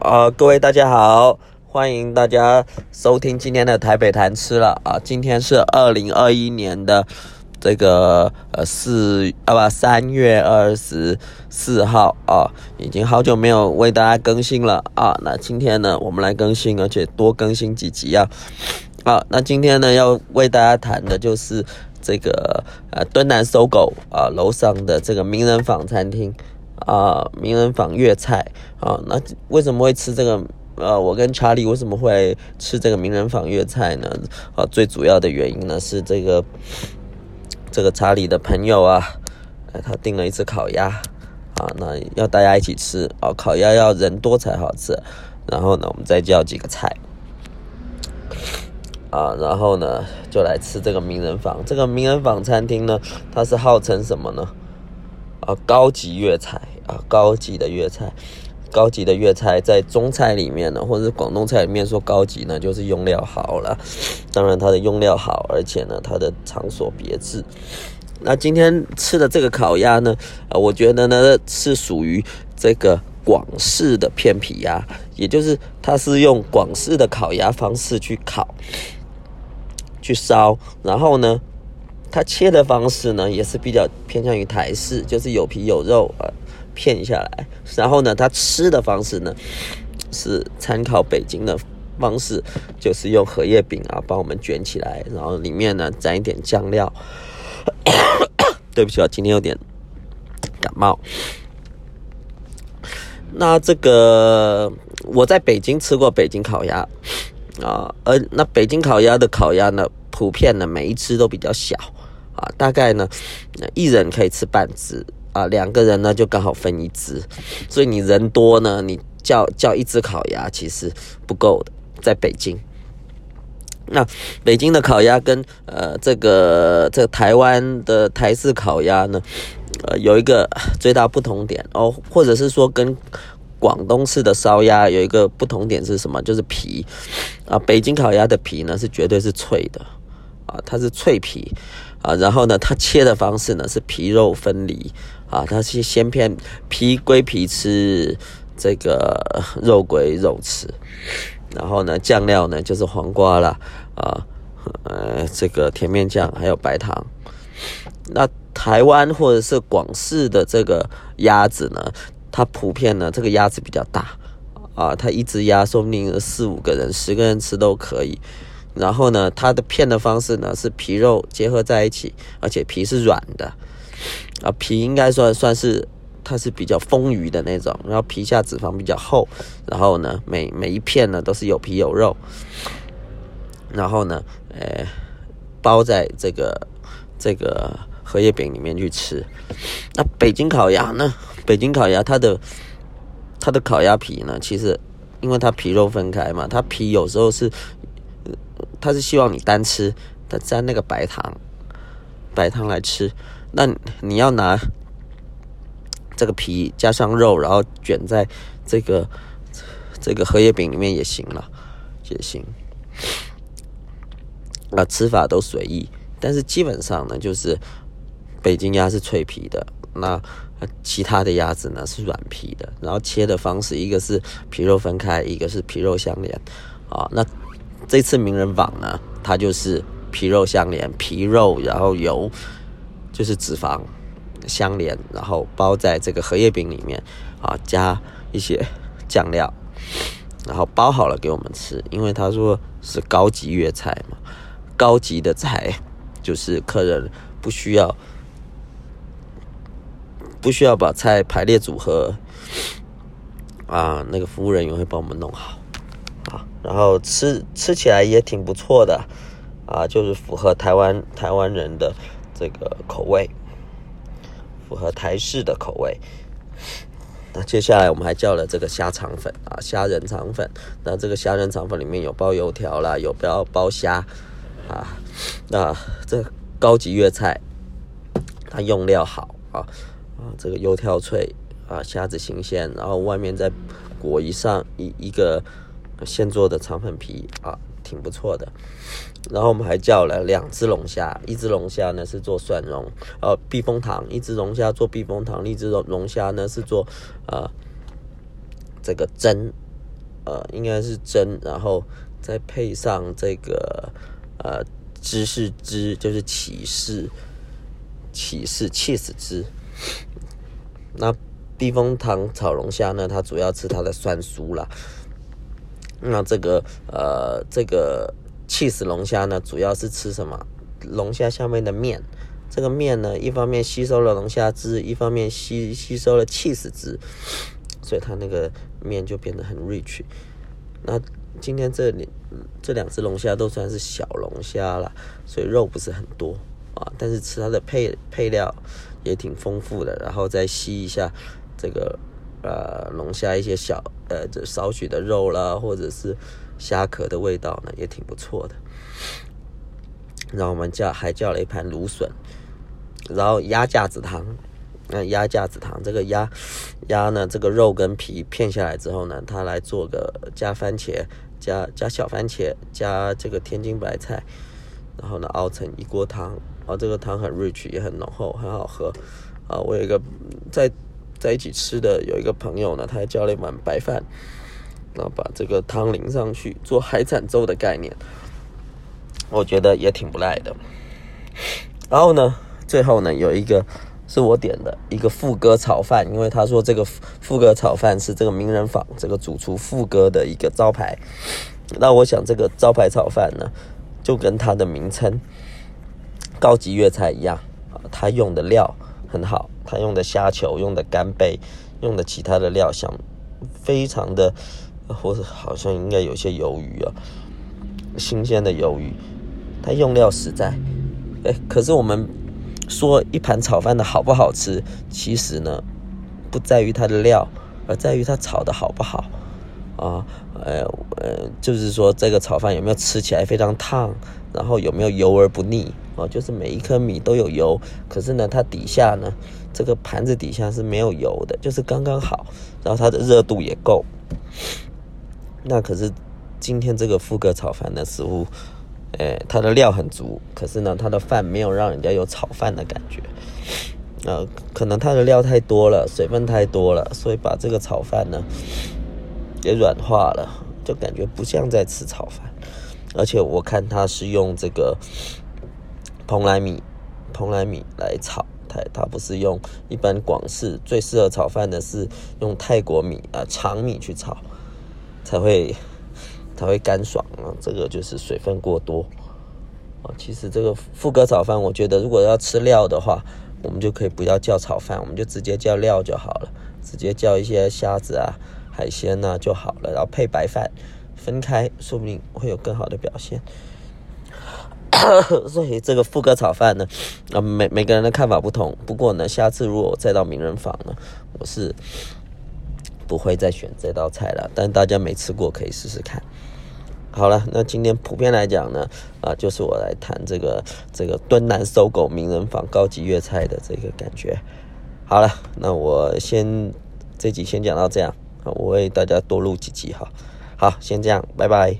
啊、呃，各位大家好，歡迎大家收聽今天的台北談吃了啊。今天是二零二一年的這個呃四啊不三月二十四號啊，已經好久沒有為大家更新了啊。那今天呢，我們來更新，而且多更新幾集啊。啊，那今天呢要為大家談的就是這個呃、啊、敦南 Sogo 啊，樓上的這個名人坊餐廳。啊，名人坊粵菜啊，那為什麼會吃這個？呃、啊，我跟查理為什麼會吃這個名人坊粵菜呢？啊，最主要的原因呢是這個這個查理的朋友啊，哎、他訂了一隻烤鴨啊，那要大家一起吃啊，烤鴨要人多才好吃。然後呢，我們再叫幾個菜啊，然後呢就來吃這個名人坊。這個名人坊餐廳呢，它是號稱什麼呢？啊，高級粵菜啊，高級的粵菜，高級的粵菜在中菜裡面呢，或者是廣東菜裡面說高級呢，就是用料好了。當然它的用料好，而且呢，它的場所別致。那今天吃的這個烤鴨呢，啊，我覺得呢是屬於這個廣式的片皮鴨，也就是它是用廣式的烤鴨方式去烤，去燒，然後呢。它切的方式呢，也是比較偏向於台式，就是有皮有肉啊，呃，片下來。然後呢，它吃的方式呢，是參考北京的方式，就是用荷葉餅啊幫我們卷起來，然後裡面呢蘸一點醬料。 對不起啊，我今天有點感冒。那這個我在北京吃過北京烤鴨啊，呃，而那北京烤鴨的烤鴨呢，普遍呢每一隻都比較小。啊，大概呢，一人可以吃半隻啊，兩個人呢就剛好分一隻，所以你人多呢，你叫叫一隻烤鴨其實不夠的，在北京。那北京的烤鴨跟呃這個這個台灣的台式烤鴨呢，呃有一個最大不同點哦，或者是說跟廣東式的燒鴨有一個不同點是什麼？就是皮啊，北京烤鴨的皮呢是絕對是脆的啊，它是脆皮。啊，然後呢，它切的方式呢是皮肉分離，啊，它是先片皮歸皮吃，這個肉歸肉吃，然後呢，醬料呢就是黃瓜啦，啊，呃，這個甜面醬還有白糖。那台灣或者是廣式的這個鴨子呢，它普遍呢這個鴨子比較大，啊，它一只鴨說不定四五個人、十個人吃都可以。然後呢，它的片的方式呢是皮肉結合在一起，而且皮是軟的，啊，皮應該算算是它是比較豐腴的那種，然後皮下脂肪比較厚，然後呢，每每一片呢都是有皮有肉，然後呢，哎，包在這個這個荷葉餅裡面去吃。那北京烤鴨呢？北京烤鴨它的它的烤鴨皮呢，其實因為它皮肉分開嘛，它皮有時候是。它是希望你單吃，它蘸那個白糖，白糖來吃。那你要拿這個皮加上肉，然後捲在這個這個荷葉餅裡面也行了，也行。啊，吃法都隨意。但是基本上呢，就是北京鴨是脆皮的，那其他的鴨子呢是軟皮的。然後切的方式，一個是皮肉分開，一個是皮肉相連。啊，那。這次名人坊呢，它就是皮肉相連，皮肉然後油就是脂肪相連，然後包在這個荷葉餅裡面啊，加一些醬料，然後包好了給我們吃。因為他說是高級粵菜嘛，高級的菜就是客人不需要不需要把菜排列組合啊，那個服務人員會幫我們弄好。然後吃吃起來也挺不錯的，啊，就是符合台灣台灣人的這個口味，符合台式的口味。那接下來我們還叫了這個蝦腸粉啊，蝦仁腸粉。那這個蝦仁腸粉裡面有包油條啦，有包包蝦啊。那這高級粵菜，它用料好啊啊，這個油條脆啊，蝦子新鮮，然後外面再裹一上一一個。現做的腸粉皮啊，挺不錯的。然後我們還叫了兩只龍蝦，一隻龍蝦呢是做蒜蓉呃、啊、避風塘，一隻龍蝦做避風塘，另一隻龍蝦呢是做呃這個蒸呃應該是蒸，然後再配上這個呃芝士汁，就是起士起士 cheese 汁。那避風塘炒龍蝦呢，它主要吃它的蒜酥啦。那這個呃，這個起司龍蝦呢，主要是吃什麼？龍蝦下面的麵，這個麵呢，一方面吸收了龍蝦汁，一方面吸吸收了起司汁，所以它那個麵就變得很 rich。那今天這兩這兩隻龍蝦都算是小龍蝦了，所以肉不是很多啊，但是吃它的配配料也挺豐富的，然後再吸一下這個。呃，龍蝦、啊、一些小呃，這少許的肉啦，或者是蝦殼的味道呢，也挺不錯的。然後我們叫，還叫了一盤蘆筍，然後鴨架子湯。那、呃、鴨架子湯，這個鴨鴨呢，這個肉跟皮片下來之後呢，它來做個加番茄，加加小番茄，加這個天津白菜，然後呢，熬成一鍋湯。啊、哦，這個湯很 rich，也很濃厚，很好喝。啊，我有一個在。在一起吃的有一個朋友呢，他還加了一碗白飯，然後把這個湯淋上去做海產粥的概念，我覺得也挺不賴的。然後呢，最後呢，有一個是我點的一個富哥炒飯，因為他說這個富哥炒飯是這個名人坊這個主廚富哥的一個招牌。那我想這個招牌炒飯呢，就跟它的名稱高級粵菜一樣，它、啊、用的料。很好，他用的蝦球，用的干貝，用的其他的料，像非常的，或者，呃，好像應該有些魷魚啊，新鮮的魷魚，他用料實在。哎，可是我們說一盤炒飯的好不好吃，其實呢，不在於它的料，而在於它炒得好不好。啊，呃、哦哎、呃，就是說這個炒飯有沒有吃起來非常燙，然後有沒有油而不膩哦，就是每一顆米都有油，可是呢，它底下呢，這個盤子底下是沒有油的，就是剛剛好，然後它的熱度也夠。那可是今天這個富哥炒飯呢，似乎，哎，它的料很足，可是呢，它的飯沒有讓人家有炒飯的感覺。呃，可能它的料太多了，水分太多了，所以把這個炒飯呢。也軟化了，就感覺不像在吃炒飯。而且我看他是用這個蓬萊米、蓬萊米來炒，它它不是用一般廣式最適合炒飯的是用泰國米啊長米去炒，才會才會乾爽啊。這個就是水分過多啊。其實這個富哥炒飯，我覺得如果要吃料的話，我們就可以不要叫炒飯，我們就直接叫料就好了，直接叫一些蝦子啊。海鮮呢、啊、就好了，然後配白飯，分開，說不定會有更好的表現。 所以這個副歌炒飯呢，啊、呃，每每個人的看法不同。不過呢，下次如果我再到名人坊呢，我是不會再選這道菜了。但大家沒吃過可以試試看。好了，那今天普遍來講呢，啊、呃，就是我來談這個這個敦南 Sogo 名人坊高級粵菜的這個感覺。好了，那我先這集先講到這樣。我為大家多錄幾集哈，好，先這樣，拜拜。